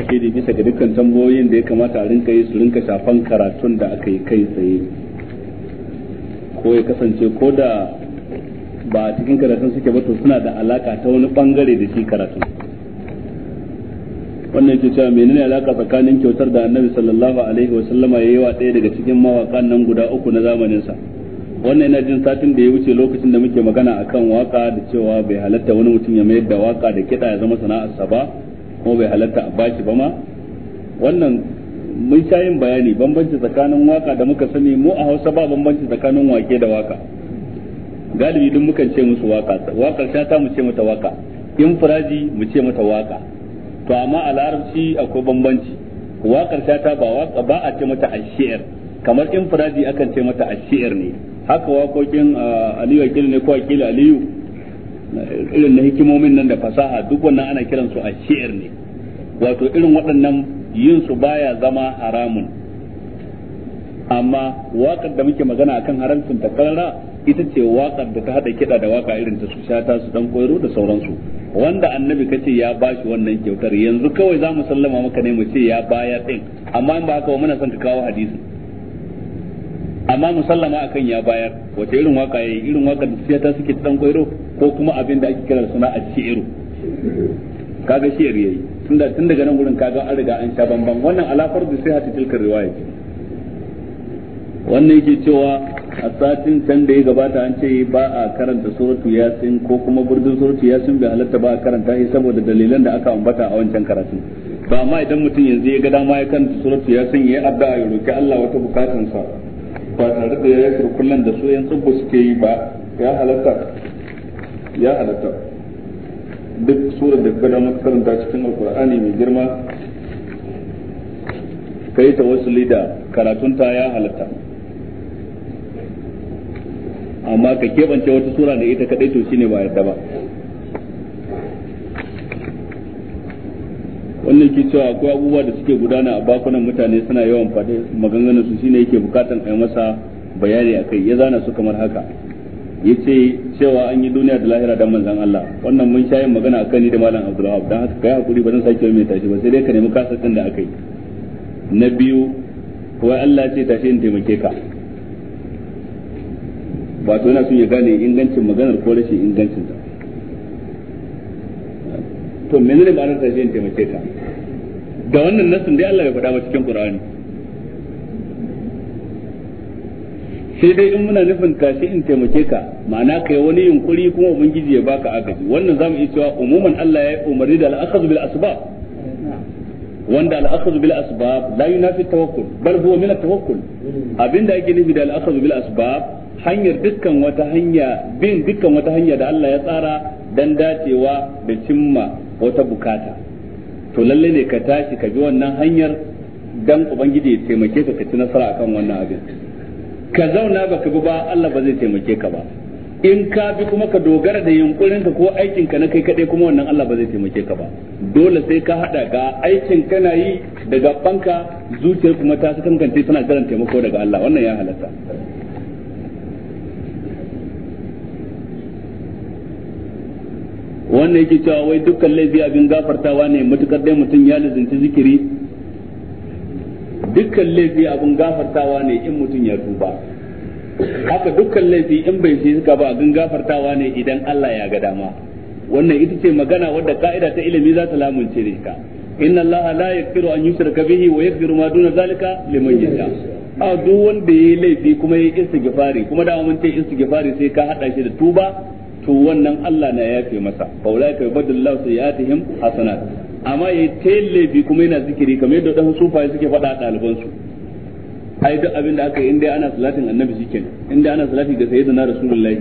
ake da bisa ga dukkan tambayoyin da ya kamata a rinka yi su rinka shafan karatun da aka yi kai tsaye ko ya kasance ko da ba a cikin karatun suke ba to suna da alaka ta wani bangare da shi karatun wannan ke cewa menene alaka tsakanin kyautar da annabi sallallahu alaihi wasallama ya yi wa ɗaya daga cikin mawaƙan nan guda uku na zamaninsa wannan yana jin satin da ya wuce lokacin da muke magana akan waka da cewa bai halatta wani mutum ya mayar da waka da kiɗa ya zama sana'arsa ba ko bai halatta a bashi ba ma wannan mun sha yin bayani bambanci tsakanin waka da muka sani mu a Hausa ba bambanci tsakanin wake da waka galibi duk mukan ce musu waka sha shata mu ce mata waka firaji mu ce mata waka to amma a larabci akwai bambanci wakar shata ba waka ba a ce mata ashiyar kamar firaji akan ce mata ashiyar ne haka wakokin Aliyu Akili ne ko Akili Aliyu irin na hikimomin nan da fasaha duk wannan ana kiransu ashiyar ne wato irin waɗannan yin su baya zama haramun amma waƙar da muke magana akan haramcin ta karara ita ce waƙar da ta haɗa kiɗa da waƙa irin ta su shata su dan koyro da sauransu wanda annabi kace ya bashi wannan kyautar yanzu kawai za mu sallama maka ne mu ce ya baya ɗin amma in ba haka ba muna son ka kawo hadisi amma mu sallama akan ya bayar wace irin waka yayi irin wakar da shata suke dan koyro ko kuma abin da ake kira suna a shi'ru kaga yari yayi tunda tun daga nan gurin kaga an riga an sha bamban wannan alafar da sai tilkar riwaya ce wannan yake cewa a satin can da ya gabata an ce ba a karanta suratu yasin ko kuma burdin suratu yasin bai halatta ba a karanta shi saboda dalilan da aka ambata a wancan karatu ba amma idan mutum yanzu ya ga dama ya karanta suratu yasin ya addu'a ya roki Allah wata sa ba tare da ya yi da su yan tsubbu suke yi ba ya halatta ya halatta duk surar da ka dama karanta cikin alkur'ani mai girma kai tawassuli da karatun ta ya halatta amma ka keɓance wata sura da ita kadai to shine ba yarda ba wannan ke cewa akwai abubuwa da suke gudana a bakunan mutane suna yawan faɗi maganganun su shine yake bukatan a yi masa bayani akai ya zana su kamar haka yace cewa an yi duniya da lahira dan manzon Allah wannan mun shayin magana akan ni da malam Abdul Wahab dan haka kai hakuri ba zan sake mai tashi ba sai dai ka nemi kasar din da akai na biyu wai Allah ce tashi in taimake ka wato yana son ya gane ingancin maganar ko rashin ingancin ta to menene ma'anar tashi in taimake ka da wannan nasin dai Allah ya faɗa ba cikin Qur'ani sai dai in muna nufin tashi in taimake ka ma'ana kai wani yunkuri kuma ubangiji ya baka agaji wannan zamu iya cewa umuman Allah ya umarni da al-akhdhu bil asbab wanda al bil asbab la yunafi tawakkul bal huwa min at-tawakkul abinda yake nufi da al-akhdhu bil asbab hanyar dukkan wata hanya bin dukkan wata hanya da Allah ya tsara dan dacewa da cimma wata bukata to lalle ne ka tashi ka bi wannan hanyar dan ubangiji ya taimake ka ka ci nasara akan wannan abin ka zauna baka bi ba Allah ba zai taimake ka ba in ka bi kuma ka dogara da yunkurin ka ko aikin ka na kai kadai kuma wannan Allah ba zai taimake ka ba dole sai ka hada ga aikin kana yi da banka zuciyar kuma ta kankance tana jiran taimako daga Allah wannan ya halatta wannan yake cewa wai dukkan laifi abin gafartawa ne matukar dai mutum ya lizinci zikiri dukkan laifi abin gafartawa ne in mutum ya tuba haka dukkan laifi in bai shi suka ba abin gafartawa ne idan Allah ya ga dama wannan ita ce magana wadda ka'ida ta ilimi za ta lamunce ne ka inna allaha la yaghfiru an yushraka bihi wa yaghfiru ma duna zalika liman yasha a duk wanda yayi laifi kuma yayi istighfari kuma da mun ce istighfari sai ka hada shi da tuba to wannan Allah na yafe masa fa ulaika yubadillahu sayiatihim hasanat amma yayi tayin laifi kuma yana zikiri kamar yadda dan sufa suke faɗa a su ai duk abin da aka yi inda ana salatin annabi shi kenan inda ana salati ga sayyidina rasulullahi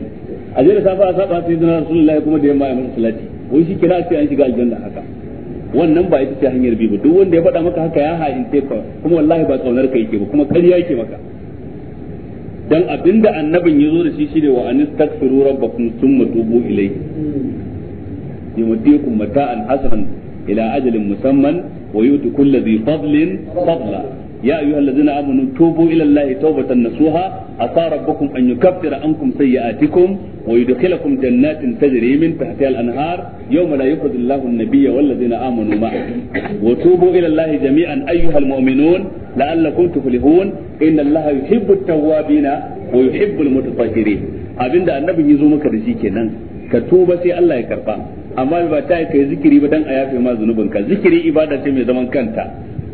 a je safa a saba sayyidina rasulullahi kuma da yamma a masa salati wai shi kira sai an shiga aljanna haka wannan ba ita ce hanyar bi ba duk wanda ya faɗa maka haka ya ha'ince ka kuma wallahi ba kaunar ka yake ba kuma ƙarya yake maka dan abinda annabin yazo da shi shine wa anistaghfiru rabbakum thumma tubu ilayhi yumtiikum mata'an hasanan ila ajalin musamman wa yuti kulli dhi fadlin fadla ya ayyuha allazina amanu tubu ila allahi tawbatan nasuha asa rabbukum an yukaffira ankum sayyi'atikum wa yudkhilakum jannatin tajri min tahtiha al-anhar yawma la yukhzi allahu an-nabiyya wal ladzina amanu ma'ahu wa tubu ila allahi jami'an ayyuha al-mu'minun la'allakum tuflihun inna allaha yuhibbu at-tawwabina wa yuhibbu al-mutatahhirin abinda annabi yazo maka da shi kenan ka tuba sai Allah ya karba amma ba ta yi kai zikiri ba dan a yafe ma zunubin ka zikiri ibada ce mai zaman kanta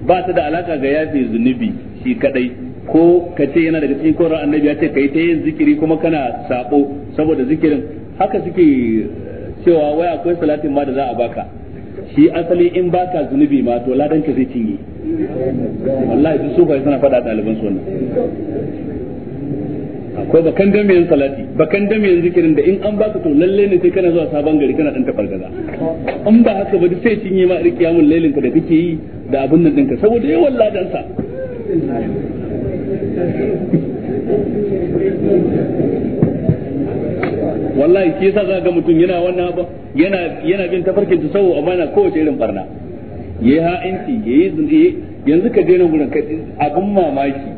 ba su da alaka ga yafe zunubi shi kadai ko ka ce yana daga cikin koran annabi ya ce kai ta yin zikiri kuma kana sabo saboda zikirin haka suke eh, cewa wai akwai salatin ma da za a baka shi asali in baka zunubi ma to ladan ka zai cinye wallahi duk su bai suna faɗa ɗaliban su wannan akwai bakan dame yin salati bakan dame yin zikirin da in an baka to lalle ne sai kana zuwa sabon gari kana dan tafargaza in ba haka ba duk sai cinye ma irkiyamun lailin ka da kake yi da abin nan dinka saboda yawan ladansa wallahi ke yasa za ga mutum yana wannan abu yana yana bin tafarkin tasawu amma na kowace irin barna yi ha'inci yayi yanzu ka daina gurin kai abin mamaki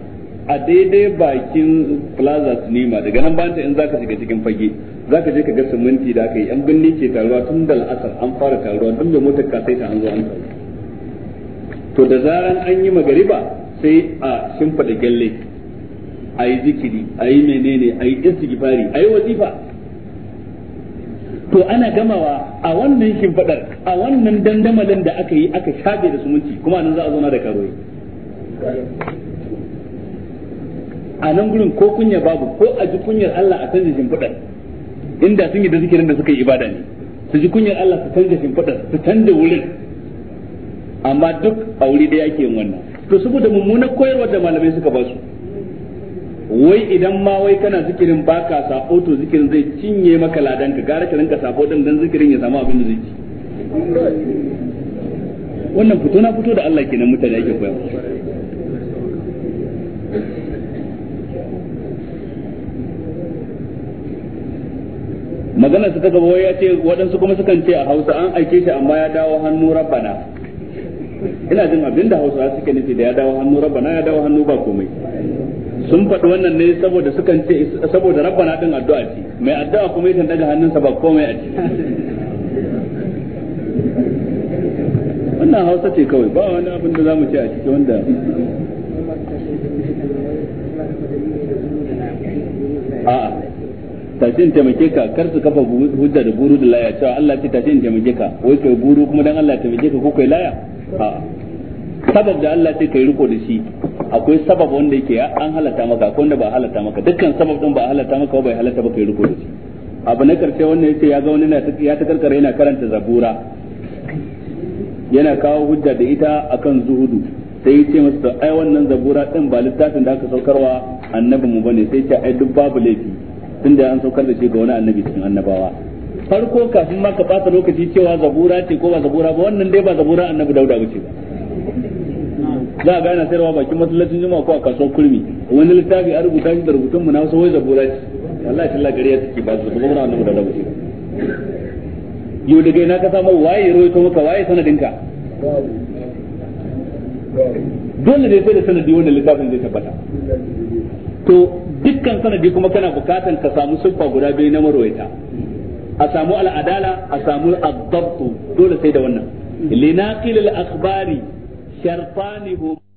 a daidai bakin plaza cinema daga nan ta in zaka shiga cikin fage zaka je ka ga siminti da aka yi yan binne ke taruwa tun da al'asar an fara taruwa tun da motar ka sai ta an zo an to da zaran an yi magariba sai a da gyalle a yi zikiri a yi menene a yi istighfari a yi wazifa to ana gamawa a wannan shimfidar a wannan dandamalin da aka yi aka shafe da sumunci kuma nan za a zauna da karoyi a nan gurin ko kunya babu ko a ji kunyar Allah a canza shimfidar inda sun yi da zikirin da suka yi ibada ne su ji kunyar Allah su canza shimfidar su canza wurin amma duk a wuri da ake yin wannan to saboda mummunan koyarwa da malamai suka ba su wai idan ma wai kana zikirin baka sako to zikirin zai cinye maka ladan ka gara ka rinka sako din dan zikirin ya samu abin da zai ci wannan fito na fito da Allah kenan mutane yake koya magana su ta gaba ya ce waɗansu kuma sukan ce a hausa an aike shi amma ya dawo hannu rabbana ina jin abin da hausawa suke nufi da ya dawo hannu rabbana ya dawo hannu ba komai sun faɗi wannan ne saboda sukan ce saboda rabbana din addu'a ce mai addu'a kuma yakan daga hannunsa ba komai a ce wannan hausa ce kawai ba wani abin da zamu ce a cikin wanda a'a tashi in taimake ka kar su kafa hujja da buru da laya cewa Allah ce tashi in taimake ka wai kai buru kuma dan Allah taimake ka ko kai laya a sabab da Allah ce kai riko da shi akwai sabab wanda yake an halatta maka akwai wanda ba halatta maka dukkan sabab din ba halatta maka ba bai halatta ba kai riko da shi abu na karshe wannan yace ya ga wani na ya ta karkare yana karanta zabura yana kawo hujja da ita akan zuhudu sai ya ce masa ai wannan zabura din ba littafin da aka saukarwa mu bane sai ya ce ai duk babu laifi tun da an saukar da shi ga wani annabi cikin annabawa farko kafin ma ka bata lokaci cewa zabura ce ko ba zabura ba wannan dai ba zabura annabi dauda bace ba za a gane sayarwa bakin masallacin juma'a ko a kasuwar kurmi wani littafi a rubuta shi da rubutun mu na wasu wai zabura ce wallahi shi Allah gariya take ba zabura annabi dauda bace ba yau daga ina ka samu waye roito maka waye sanadinka dole ne sai da sanadi wanda littafin zai tabbata to dukkan sanadi kuma kana bukatan ka samu siffa guda biyu na marwaita a samu al'adala a samu al dole sai da wannan linaqil al-akhbari hu